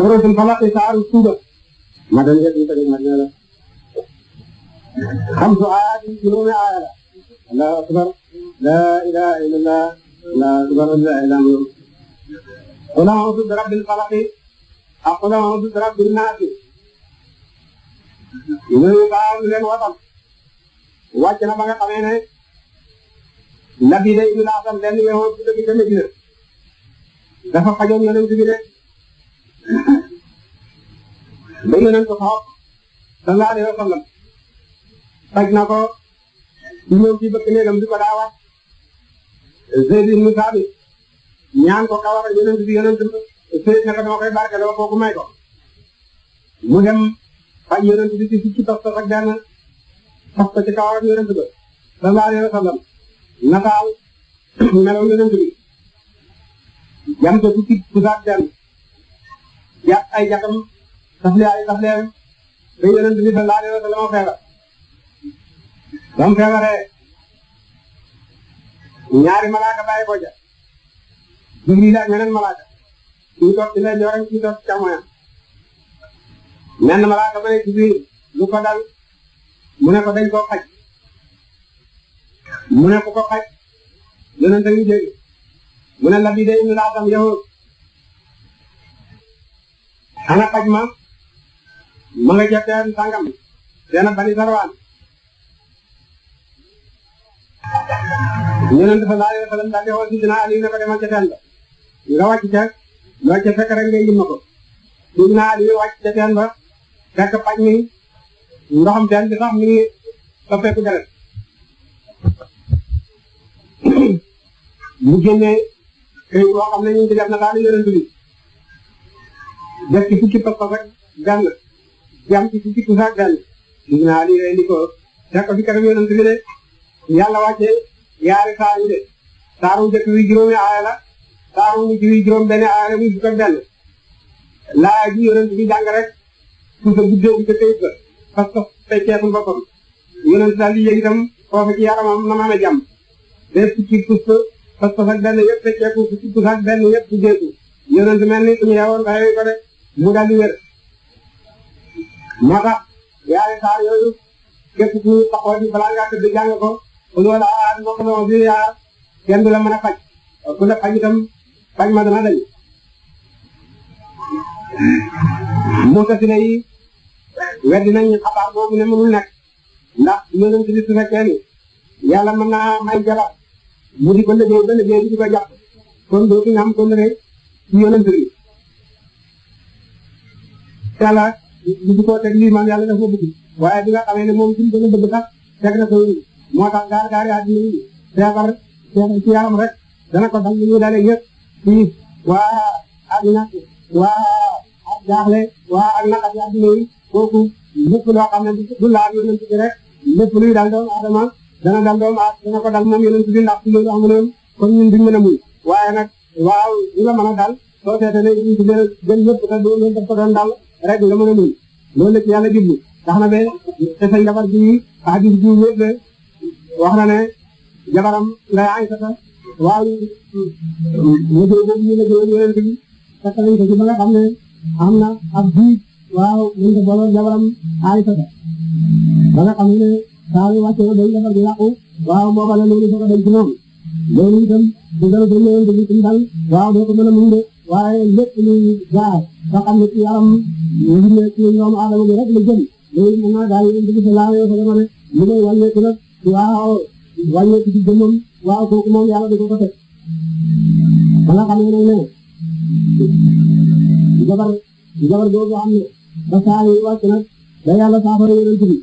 suratul falaq saaru e suuda ma dem jël tëgg ma ne la xam su aaya juróomi aaya la allahu akbar laa ilaha illallah allahu akbar laa ilaha illallah qul a'udhu bi rabbil falaq ak qul a'udhu bi rabbin naas ñu baax leen watam wàcc na ba nga xamee ne nabi day ibnu asam lenn weexoon ci dëgg ca Medina dafa xajoon yonent bi de ba yonent ko sallallahu alayhi wa sallam faj na ko ñëw ci bëkk néegam di ko daawa Zayd ibn Saabit ñaan ko kawar ak yonent bi yonent sëriñ naka dama koy barke dama kooku ko mu dem faj yonent bi ci ci tos tos ak benn tos ko ci kawar ak yonent ba sallam nataal melaw yonent bi jant bu ci bu saak benn ya ay yàqam taf leen ay taf leen ba yonent bi sallallahu alayhi wa sallam feebar ba mu ñaari malaaka bàyyi ko ja Jibril ak ñeneen malaaka kii toog ci ndeyjooram kii toog ci càmmoñam menn malaaka ba ne lu ko dal mu ne ko dañ koo xaj mu ne ko ko xaj yonent bi jéggi mu ne la bi day ñu laatam yahud ana xaj ma ma nga ca teen sangam teena bani sarwaan yonent fa sallallahu alayhi wa sallam daal di xool si dina Aliou ne ko ba nga wàcc ca loo ca fekk rek ngay yim ma ko dina Aliou ba fekk paj mi ndoxam teen bi sax mi ngi soppeeku deret mu génne ne ñu ngi def na daal yonent def ci fukki pas-pas ak gànn jam ci fukki tuuti ak gànn ñu naan lii fi bi de yàlla wàccee yaari saa yu de saaru njëkk wi juróomi aaya la saaru mujj wi juróom benn aaya la muy fukk benn laaya ji yonent bi jàng rek suusa guddeegu ca kayit ba parce que fecceekul boppam yonent daal di yëg itam ci yaramam na ma amee jàmm des fukki que ak benn yëpp fecceeku fukki tuus ak benn yëpp guddeegu yonent mu daal di wér moo tax yaari saar yooyu képp ku taxaw ci balaa ngaa ko loolu ah mbokk na kenn du la mën a faj ku la faj itam faj ma dana dañ Moussa Sine yi weddi nañ xabaar boobu ne mënul nekk ndax yonent bi su fekkee ni yàlla mën naa may jabar mu di ko liggéey ba liggéey bi di ko jàpp kon kon rek ci yonent bi yàlla li ko teg lii man yàlla def ko bëgg waaye bi nga xamee ne moom suñu bëgg bëgg sax teg na ko moo tax gaar gaar yaa dina yi feebar feebar ci yaram rek dana ko dal ñu dalee ñëpp ci waa ak ñàkk waa ak jaaxle waa ak naqar yaa dina yi kooku lépp loo xam ne du laal yonent bi rek lépp luy dal doomu aadama dana dal doomu aadama dana ko dal moom yonent bi ndax ci loolu am na kon ñun duñ mën a muñ waaye nag waaw ñu la mën a dal soo seetee ne ñu ngi gën a gën ñëpp te du ñu def ko doon dal rek nga mën a mën loolu la ci yàlla jublu tax na ba te jabar ji hadis bi yëpp wax na ne jabaram lay Aysata waaw ñu jël boobu ñu ne jëloon yeneen bi fekk nañ ko ci ba nga xam ne am na ab diit waaw ñu ko booloon jabaram Aysata ba nga xam ne saa yu wàccee dañ defar di làqu waaw moo ko la loolu soog a dem ci moom loolu itam ñu dal dañ leen di dal waaw doo ko mën a mën de waaye lépp luy gaar ba xam ne ci yaram ñu ne ci ñoom aadama bi rek la jëm loolu mën naa daal yéen dugg si laa yoo xam ne li ngay wàññeeku nag waaw wàññeeku ci jëmmam waaw kooku moom yàlla da ko ko teg ba nga xam ne nag nee jabar jabar boobu am ne ba saa yi wàcc nag da yàlla saafara yonent bi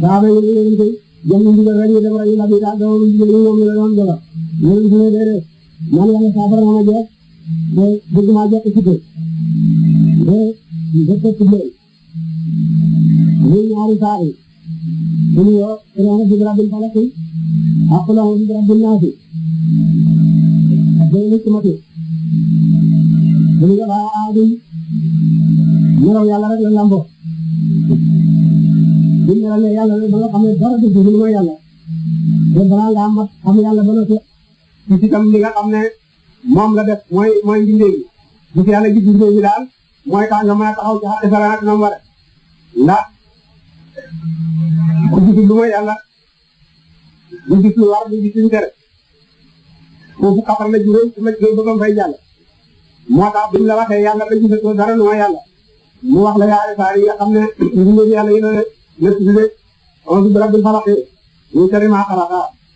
saafara yonent bi jëm ñu ndigal rek ñu dem rek ñu labi daal dama ñu ñu moom ñu la doon jabar yonent bi ne déedéet man yàlla saafara na ma jeex mais bëgg naa jot ci dëkk mais nga fekk leen muy ñaari saa yi mu ne yow ilaana bi rabbil falaqi ak ilaana bi rabbin naasi day nekk mati mu ne yow aadum melaw yàlla rek la lamboo bu melalee yàlla rek ba nga xam ne dara du dul mooy yàlla te balaa nga am xam yàlla ba nga ci itam li nga xam ne moom la def mooy mooy mbindee bi bu fi daal mooy tax nga mën a taxaw ci xarit Sala ak ñoom war ndax ku gisul lu mooy yàlla du gis lu war du gis lu tere foofu kafar la juróom ku la juróom ba fay jàll moo tax buñ la waxee yàlla la gisatoo dara lu mooy yàlla mu wax la yaa saa yi nga xam ne mbindee bi yàlla yi la la tuddee on se dirait du xalaat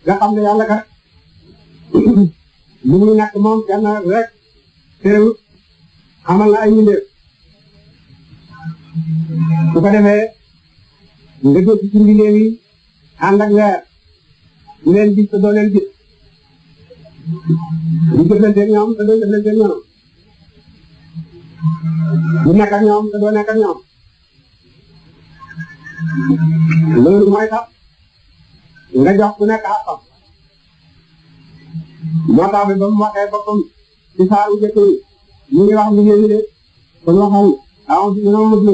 nga xam ne yàlla kat. mu ngi nekk moom kenn rek teewut xamal na ay mbindeef su ko defee nga jóg ci mbindeef yi ànd ak weer ñu te doo leen gis ñu jëflanteeg ñoom te doo ñoom ñu nekk ak ñoom te doo nekk ak ñoom loolu mooy tax nga jox ku nekk moo tax bi ba mu waxee boppam ci saa yu njëkk ñu ngi wax liggéey bi de kon waxal awoon si dina mujj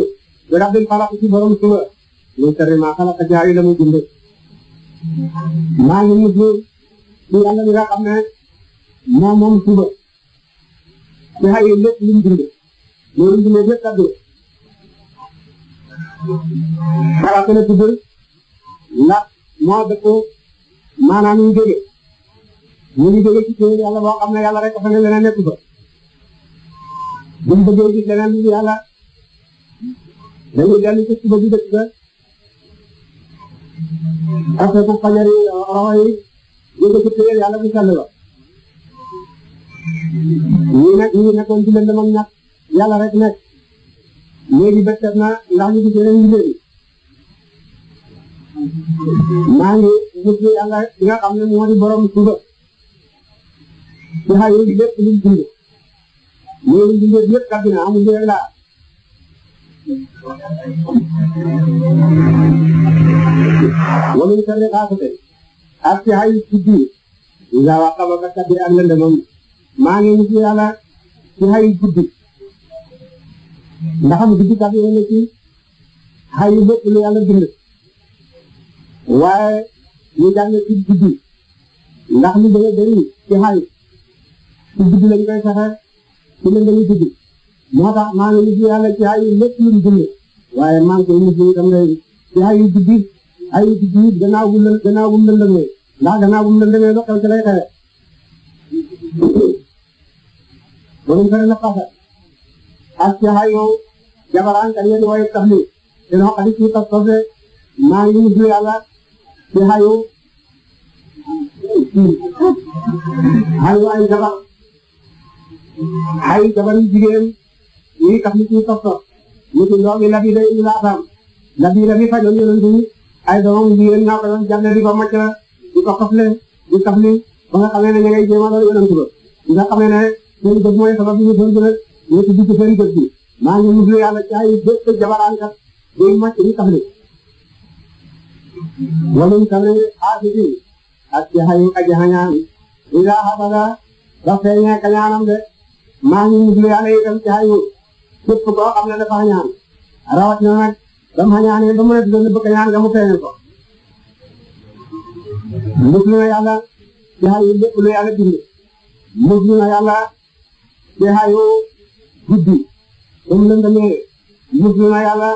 ba dax di xalaat ci borom suba ñu sori maa xalaat ak jaay la muy bind. maa ngi mujj ci yàlla mi nga xam ne moom moom suba ci xëy lépp lu mu bind loolu bind lépp kaddu xalaat la tudd ndax moo dëkk maanaam ñu jóge ñu ngi jóge ci kër yàlla boo xam ne yàlla rek fa ne leneen nekk ba bu ñu bëggee gis leneen lu yàlla dañuy dellu ci suba bi dëkk ba affaire bu fajar yi roxo yi ñu ngi ci kër yàlla bu sell la ñu ne ñu nekkoon ci lëndamam ñàkk yàlla rek nekk léegi bët set na ndax ñu gis leneen liggéey maa ngi gis yàlla nga xam ne moo di borom suba ci xay yooyu lépp luñ dund loolu dundee lépp kàddina amul njëriñ laa wala ñu tànnee xaasate ak ci xay ci biir nga wax xam nga kàddi ak lëndëmam maa ngi ñu ci yàlla ci xay guddi ndax guddi kàddi la ci ci guddi lañ koy saxee ci lëndëm guddi moo tax maa ngi mujj yàlla ci ay lépp lu mu dund waaye maa ngi koy mujj itam lay ci ay guddi ay guddi gannaaw bu lë gannaaw bu mu lëndëmee ndax gannaaw bu mu lëndëmee ba xew ci lay xewee maa ngi mujj yàlla ci ayu ayu ay jabar ay jabaru jigéen ñuy tax nit ñi topp topp nit ñi ñoo ngi Nabi day indi laataam Nabi la fi fajoon yonent bi ay doomam jigéen ñoo ko doon jàlle di ko màcc di ko xofle di tafli ba nga xamee ne ña ngay jéem a doon yonent ba nga xamee ne seen bët mooy sabab yi ñu doon gën a ñetti dugg seen bët bi maa ngi mujj yàlla ci ay bët jabaraan kat day màcc di tafli wala tafli aasiti ak ci xayu aji xañaan ila xabada ba feeñee kañaanam de maa ngi mujj yàlla itam ci xayu képp koo xam ne dafa xañaan rawatina nag ba mu xañaanee ba mu nekk dund bëgg ñaan nga mu feeñal ko. mujj na yàlla ci xayu lépp lu yàlla na yàlla ci xayu guddi na yàlla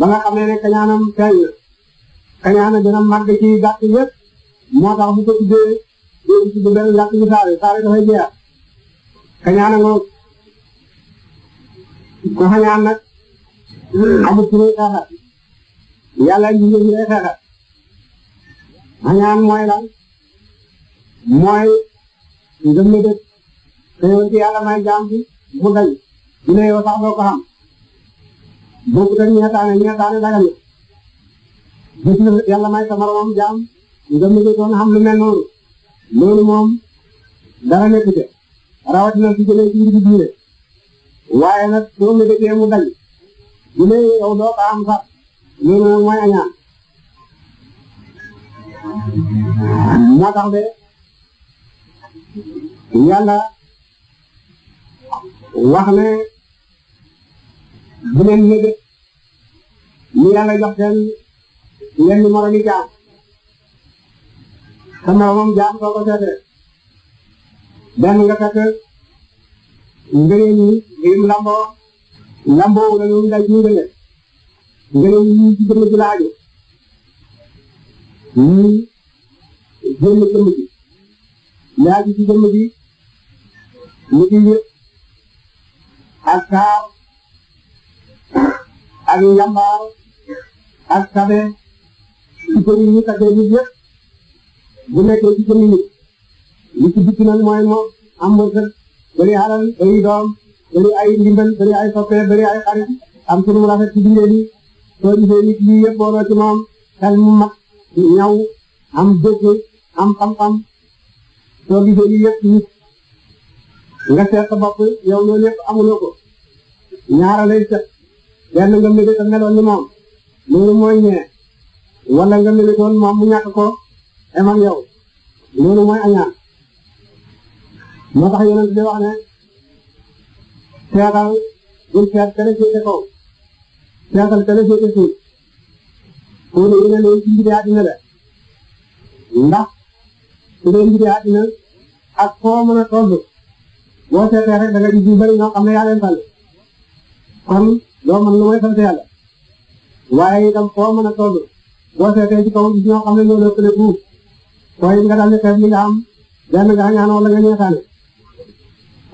na yàlla kañaanam feeñ añaana dina màgg ci gàtt yëpp moo tax bu ko tuddee yéen ci benn gàtt bi saare saare dafay jeex añaana moom ko añaan nag amul ci lay xeexat yàlla ñu ngi lay xeexat añaan mooy lan mooy ngëm la dëkk te yow ci yàlla may jaam bi mu dañ ñu ne yow sax doo ko xam bokkut ak ñeetaane ñeetaane daga na gis yàlla may ko moromam jaam nga mu doon moom dara nekk te rawatina si jëlee ci mbir diine waaye nag soo nga déggee ne yow doo ko am sax loolu moom mooy añaan tax de yàlla wax ne bu leen yëge lu yàlla jox seen mel ni moromi jaam te moromam jaam soo ko seetee nga fekk ngëneel yi lim lamboo lamboo wala ñoom day juutale ngëneel ci jëmm ji laaju ñii jëmm jëmm ji laaju ci jëmm ji ñu ci yëpp ak kaar ak njambaar ak sabe jëriñ ñu taggee nit yëpp bu nekkee ci jëriñ nit li ci dikk nag mooy moo am wërsëg bëri alal bëri doom bëri ay ndimbal bëri ay soppe bëri ay xarit am ci lu mu ci bindee ni soo gisee nit lii yëpp booloo ci moom xel mu mag am dëgg am xam soo gisee lii yëpp nga seet sa bopp yow loolu yëpp amuloo ko ñaara lay set benn nga mébét a meloon ni moom loolu mooy wala nga melitoon moom mu ñàkk ko emam eh, yow loolu mooy añaan moo tax yonent bi wax ne seetal bul seet kene féete kaw seetal kene féete suuf koo ne yéen a leen ci mbiri àddina la ndax su dee mbiri àddina ak foo mën a toll boo seetee rek da nga gis ñu bëri ñoo xam ne yaa leen tànn kon doo mën lu may sant yàlla waaye itam foo mën a toll boo seetee ci kaw ñoo xam ne ñoo doon fële buuf mooy nga daal di xeeb li nga am benn a ñaan wala nga ñeexaale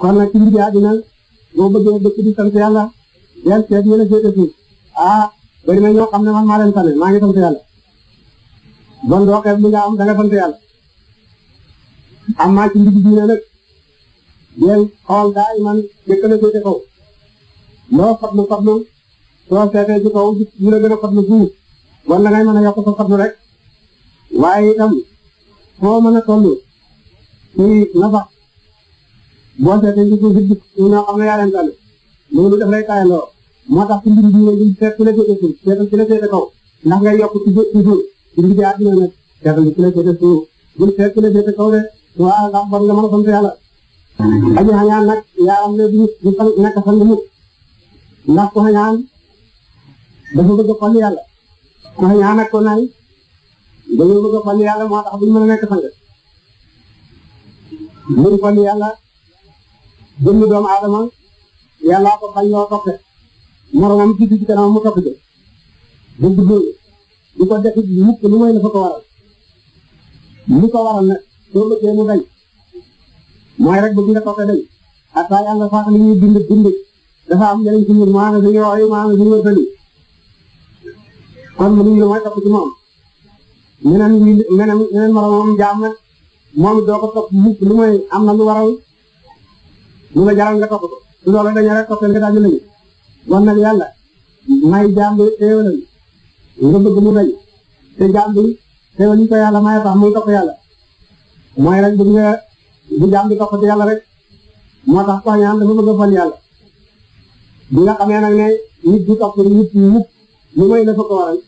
kon nag ci mbiri àddina boo bëggee dëkk di sant yàlla del seet ñu ne féete suuf ah bari na ñoo xam ne maa leen maa ngi sant yàlla bon doo xeeb li nga am da nga sant yàlla am maa ci mbiri diine nag del xool daay man dëkk la féete kaw loo fotlu fotlu soo seetee ci kaw ñu la gën a fotlu buuf kon dangay mën a yokk sa sablu rek waaye itam foo mën a toll ci nafa boo seetee nit ñi di ñoo xam ne yaa leen tànn loolu daf lay taayandoo moo tax bi ñu ngi seet ku la féete suuf seetal ci la féete kaw ndax ngay yokk ci jë ci suuf ci mbir bi àddina nag seetal ci la féete suuf bul seet ku la a sant yàlla. aji xañaan nag yaa am ne du du fan nekk fan bu mukk ndax ku yàlla. ku ñaan ak ku nay dañoo a fal yàlla moo tax duñ mën a nekk sang buñ fal yàlla jënd doomu aadama yàllaa ko bañ loo toppe moromam ci ci kanam mu topp ci du dugg du ko def mukk lu mooy la fa ko waral lu ko waral nag soo mooy rek bëgg nga toppe dañ xataa yàlla sax li ñuy bind bind dafa am njëriñ ci ñun maanaam li ñuy wax maanaam kon li ñu mooy topp ci moom meneen meneen meneen moromam jaam na moom doo ko topp mukk lu mooy am na lu waral lu la jaral nga topp ko su loolu dañu rek topp nga dañu lañu kon nag yàlla may jaam bi teewal nga bëgg mu dañ te jaam bi teewal ñu ko yàlla may tax muy topp yàlla mooy rek bu nga bu jaam bi topp ci yàlla rek moo tax koo ñaan dafa bëgg a fal yàlla bi nga xamee nag ne nit du topp nit mukk lu mooy dafa ko waral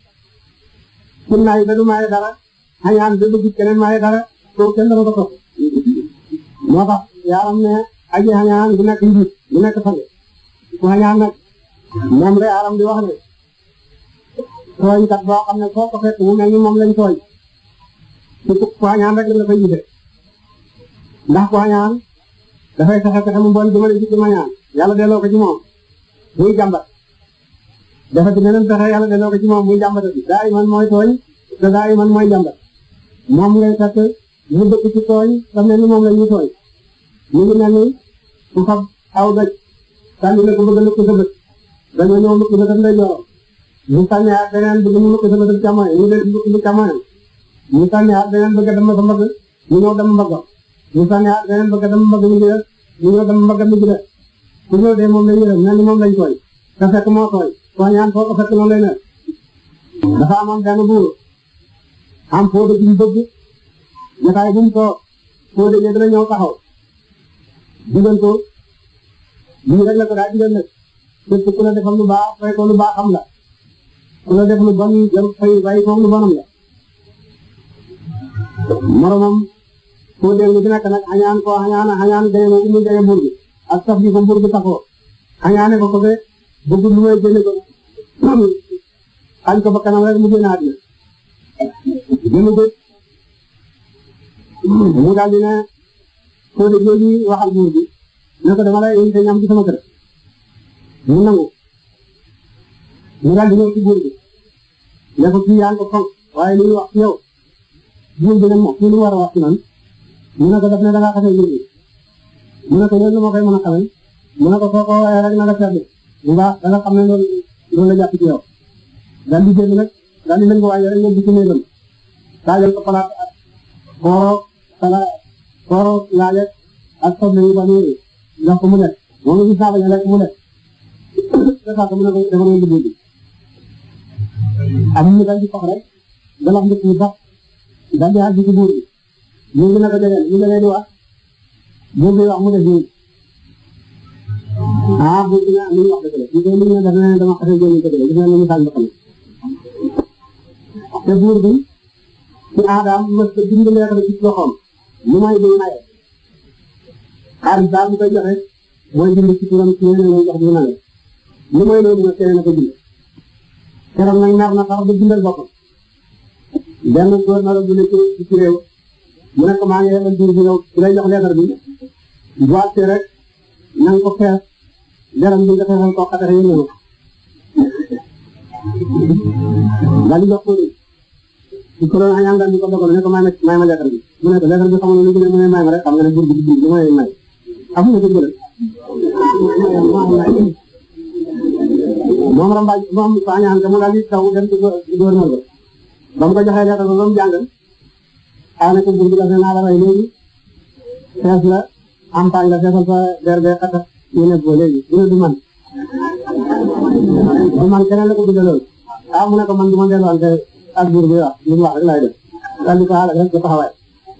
pour naay ba du maye dara añaan ba bëgg keneen maye dara kooku kenn dara ko topp moo tax yaaram ne aji añaan du nekk njiit du nekk sang ku añaan nag moom la yaaram di wax ne tooñ kat boo xam ne ko ni moom lañ tooñ ku añaan rek la koy gisee ndax ku añaan dafay mu bon jëmale ci ci yàlla delloo ko ci moom dafa ci beneen pexe yàlla delloo ko ci moom muy jàmbat bi daay man mooy tooñ te daay man mooy jàmbat moom ngay fekk mu dëkk ci tooñ te mel ni moom la ñuy tooñ mu ngi mel ni ku fab aw daj sànni la ko bëgg a lëkk sa bët dañoo ñëw lëkk sa bët lay jooro mu sànni ak beneen bëgg mu lëkk sa bët càmmoñ mu dee lëkk sa càmmoñ mu sànni ak beneen bëgg a dem sa mbagg mu ñëw dem mbagg mu sànni ak beneen bëgg a dem mbagg mi jëlee mu ñëw dem mbagg mi jëlee ku ñëw dee moom lay yërëm mel ni moom lañ tooñ te fekk moo tooñ soñaan foo ko fekk noonu lay mel dafa amoon benn buur am fóode bi mu bëgg jotaay bi mu toog fóode bi dina ñëw taxaw ko lii rek la ko daa digal nag képp ku la defal lu baax fay ko lu baax am la ku la def lu bon jëm fay bàyyi ko lu bonam la moromam fóode bi dina ko nag añaan ko añaan añaan gaye mu gaye buur bi ak saf bi ko buur bi añaane ko ko be bëgg lu may génne ko xañ ko ba kanam rek mu génn àddina génn mu daal di ne soo de ne ko dama lay invité ñam ci sama kër mu nangu mu ko kii yaa ko fonk waaye li ñu wax ci yow kii lu war a wax ci noonu mu ne ko daf ne da ngaa xasee buur bi mu ne ko loolu ma koy mën a xamee mu ne ko ko waxee na la seetlu nga da nga xam ne noonu noonu la jàpp ci yow daal di génn nag daal di lënguwaay rek nga gis néegam laajal ko palaat ak kooro sala kooro laajal ak soble yu ba néegi jox ko mu nekk moom la ñu saaba ñu lekk mu nekk dafa ko mu ne ko dafa doon liggéey bi am ñu daal di fox rek dalax nit ñi sax daal di àgg ci buur bi ñu ngi naka jege ñu ngi leen di wax buur bi wax mu ne ah bu ñu naan li ñu wax dëgg la bu dee li ñu ne daf ne dama xasee jënd dëgg la gis naa ne misaal bi xam te buur bi ci aadaam mos a bind leetar ci loxoom lu may day maye xaalis daal bu koy joxe mooy bind ci turam ci yeneen mu jox du nale lu may loolu nag keneen a ko bind keroog nag nar na sax ba bindal boppam benn góor nar a bind ci ci réew mu ne ko maa ngi lebal biir bi yow lay jox leetar bi bu rek na nga ko fees dara mu eh. eh. nga xeexal koo xatara yéen ñëw daal di jox ko ni ci ko loolu añaan daal di ko dogal ne ko may may ma lettre bi mu ne ko lettre bi xamul lu gën mu ne may ma rek xam nga ne buur bi lu may may amu nga dëgg rek moom rambaaj moom fa añaan ka mu daal di taw dem ci gouverneur ba ba mu ko joxee lettre ba ba mu jàng xanaa ko buur bi dafa naa la rey léegi fees la am paañ la feesal fa der bee xatat ñu ne ko léegi ñu ne du man du man keneen la ko bindaloon ah mu ne ko man du ma delluwante ak buur bi wax li mu wax rek laay def daal di ko xaaral rek di ko xawaay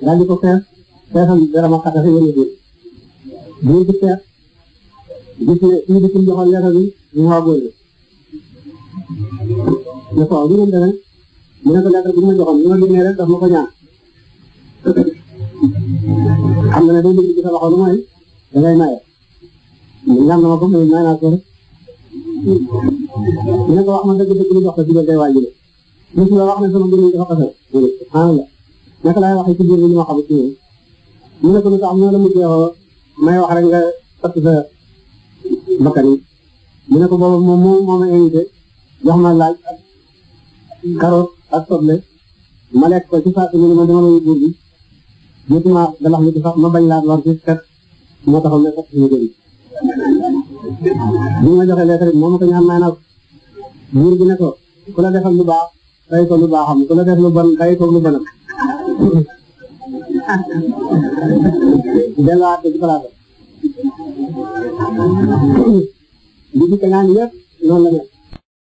daal di ko fees feesal dara ma xatase yéen a biir buur bi fees gis ne fii di suñu joxoon leeral bi ñu xaw a góor ne ko ñu ne mu ne ko leeral bi ñu ma joxoon ñu ma génnee rek daf ma ko ñaan xam nga ne day dugg ci sa loxo lu mooy da ngay maye ndam dama ko may naa ko rek mu ne ko wax ma dëgg dëgg lu jox ko ci biir day waaj de bis la wax ne sama mbir mi dafa xasal mu ne subhanallah naka laay waxee ci biir bi ñu ma xam ci yéen mu ne ko lu tax mu ne la mujjee xoo may wax rek nga takk sa bakkan yi mu ne ko boobu moom moo moo ma invité jox ma laaj ak carotte ak soble ma lekk ko ci saa si mu ne ma dama lay buur bi jotuma dalax mi ci sax ma bañ laa lor ci kat moo taxaw ne sax suñu jëriñ bi ma joxe lettre bi moom ko ñaan may na buur bi ne ko ku la defal lu baax fay ko lu baaxam ku la def lu bon fay ko lu bonam delluwaat ko ci place bi di ko ñaan yëpp noonu la